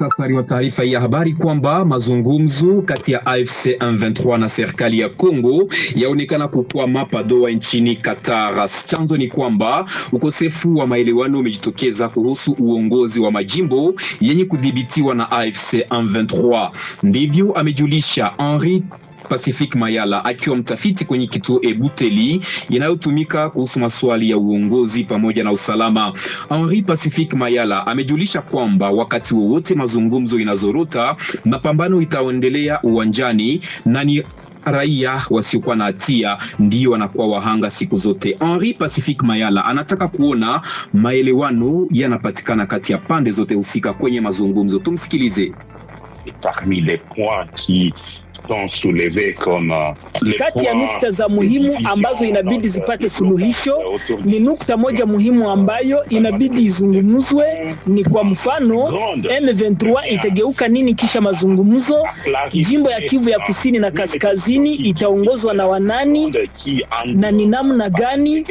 Muhtasari wa taarifa hii ya habari kwamba mazungumzo kati ya AFC M23 na serikali ya Kongo yaonekana kukwama pa nchini Qatar. Chanzo ni kwamba ukosefu wa maelewano umejitokeza kuhusu uongozi wa majimbo yenye kudhibitiwa na AFC M23. Ndivyo amejulisha Henri Pacific Mayala akiwa mtafiti kwenye kituo Ebuteli inayotumika kuhusu masuali ya uongozi pamoja na usalama. Henri Pacific Mayala amejulisha kwamba wakati wowote mazungumzo inazorota, mapambano itaendelea uwanjani na ni raia wasiokuwa na hatia ndio wanakuwa wahanga siku zote. Henri Pacific Mayala anataka kuona maelewano yanapatikana kati ya pande zote husika kwenye mazungumzo. Tumsikilize. Parmi les points qui Euh, Kati ya nukta za muhimu ambazo inabidi zipate suluhisho euh, ni nukta moja muhimu ambayo inabidi izungumzwe, ni kwa mfano M23 itageuka nini kisha mazungumzo, jimbo ya Kivu ya kusini na kaskazini itaongozwa na wanani na ni namna gani?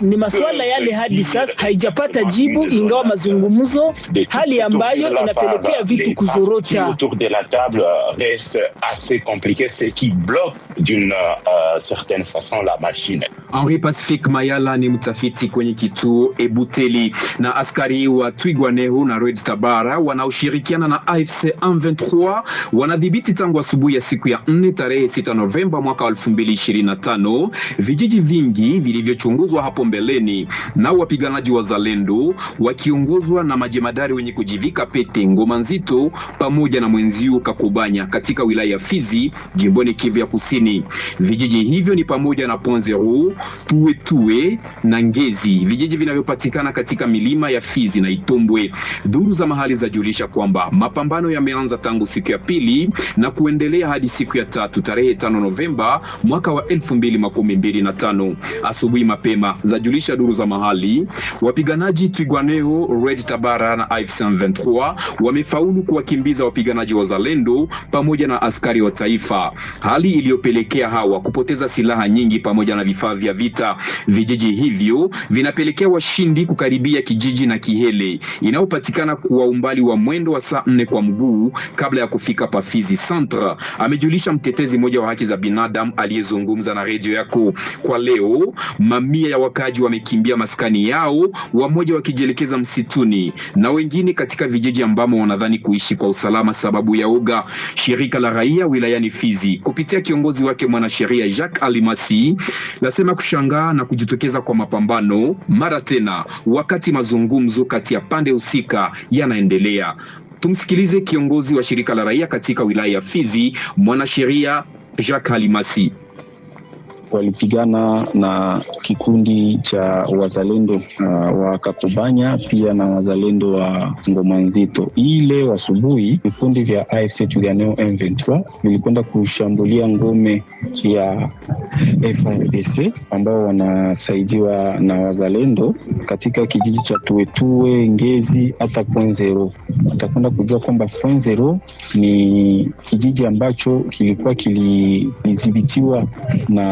Ni maswala yale hadi sasa haijapata jibu, ingawa mazungumzo, hali ambayo inapelekea vitu kuzorota. Autour de la table euh, reste assez compliqué, ce qui bloque d'une uh, certaine façon la machine. Henri Pacific Mayala ni mtafiti kwenye kituo Ebuteli na askari wa Twigwaneho na Red Tabara wanaoshirikiana na AFC M23 wanadhibiti tangu asubuhi ya siku ya 4 tarehe 6 Novemba mwaka 2025 vijiji vingi vilivyochunguzwa hapo mbeleni na wapiganaji wa zalendo wakiongozwa na majemadari wenye kujivika pete Timothy Ngoma Nzito pamoja na mwenziu Kakubanya katika wilaya ya Fizi jimboni Kivu ya Kusini. Vijiji hivyo ni pamoja na Ponzero, Tuwe Tuwe na Ngezi, vijiji vinavyopatikana katika milima ya Fizi na Itombwe. Duru za mahali zajulisha kwamba mapambano yameanza tangu siku ya pili na kuendelea hadi siku ya tatu tarehe tano Novemba mwaka wa elfu mbili makumi mbili na tano. Asubuhi mapema zajulisha duru za mahali wapiganaji Twigwaneo, Red Tabara na AFC M23 wamefaulu kuwakimbiza wapiganaji wa zalendo pamoja na askari wa taifa, hali iliyopelekea hawa kupoteza silaha nyingi pamoja na vifaa vya vita. Vijiji hivyo vinapelekea washindi kukaribia kijiji na Kihele inayopatikana kwa umbali wa mwendo wa saa nne kwa mguu kabla ya kufika Pafizi Centre, amejulisha mtetezi mmoja wa haki za binadamu aliyezungumza na redio yako. Kwa leo, mamia ya wakaaji wamekimbia maskani yao, wamoja wakijielekeza msituni na wengine katika vijiji ambamo wanadhani kuishi kwa usalama sababu ya uga. Shirika la raia wilayani Fizi kupitia kiongozi wake mwanasheria Jacques Alimasi lasema kushangaa na kujitokeza kwa mapambano mara tena wakati mazungumzo kati ya pande husika yanaendelea. Tumsikilize kiongozi wa shirika la raia katika wilaya ya Fizi, mwanasheria Jacques Alimasi walipigana na kikundi cha wazalendo uh, wa Kakubanya pia na wazalendo wa Ngoma Nzito. Hii leo asubuhi vikundi vya AFC Tuganeo M23 vilikwenda kushambulia ngome ya FRDC ambao wanasaidiwa na wazalendo katika kijiji cha Tuwetue Ngezi hata Kwenzeru utakwenda kujua kwamba Franzero ni kijiji ambacho kilikuwa kilidhibitiwa na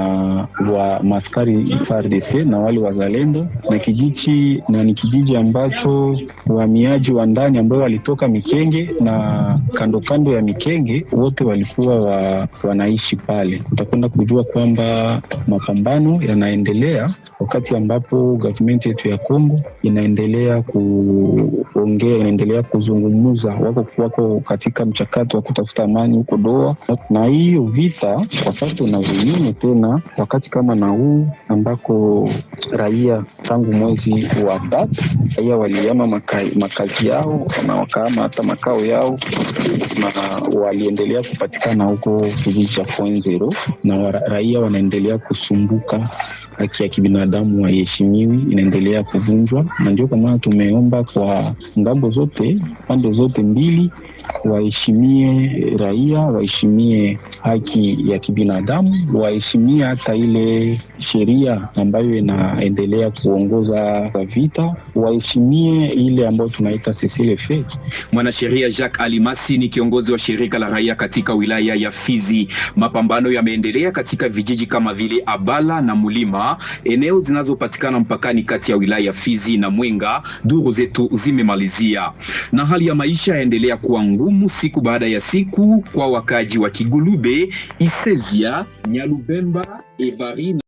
wa maskari FARDC na wale wazalendo, na kijiji na ni kijiji ambacho wahamiaji wa ndani ambao walitoka Mikenge na kando kando ya Mikenge wote walikuwa wa, wanaishi pale. Utakwenda kujua kwamba mapambano yanaendelea wakati ambapo gavumenti yetu ya Kongo inaendelea kuongea, inaendelea kuzungumza kuzungumza, wako wako katika mchakato wa kutafuta amani huko doa na hiyo vita kwa sasa unavyonyuma tena wakati kama na huu ambako raia tangu mwezi wa tatu raia walihama makazi yao na wakahama hata makao yao, na waliendelea kupatikana huko kijiji cha Fuenzero, na raia wanaendelea kusumbuka haki ya kibinadamu haiheshimiwi, inaendelea kuvunjwa, na ndio kwa maana tumeomba kwa ngambo zote, pande zote mbili waheshimie raia, waheshimie haki ya kibinadamu, waheshimie hata ile sheria ambayo inaendelea kuongoza vita, waheshimie ile ambayo tunaita CCLF. Mwanasheria Jacques Alimasi ni kiongozi wa shirika la raia katika wilaya ya Fizi. Mapambano yameendelea katika vijiji kama vile Abala na Mulima, eneo zinazopatikana mpakani kati ya wilaya ya Fizi na Mwenga. Duru zetu zimemalizia na hali ya maisha yaendelea kuwa ngumu siku baada ya siku kwa wakaji wa Kigulube, Isezia, Nyalubemba, evarina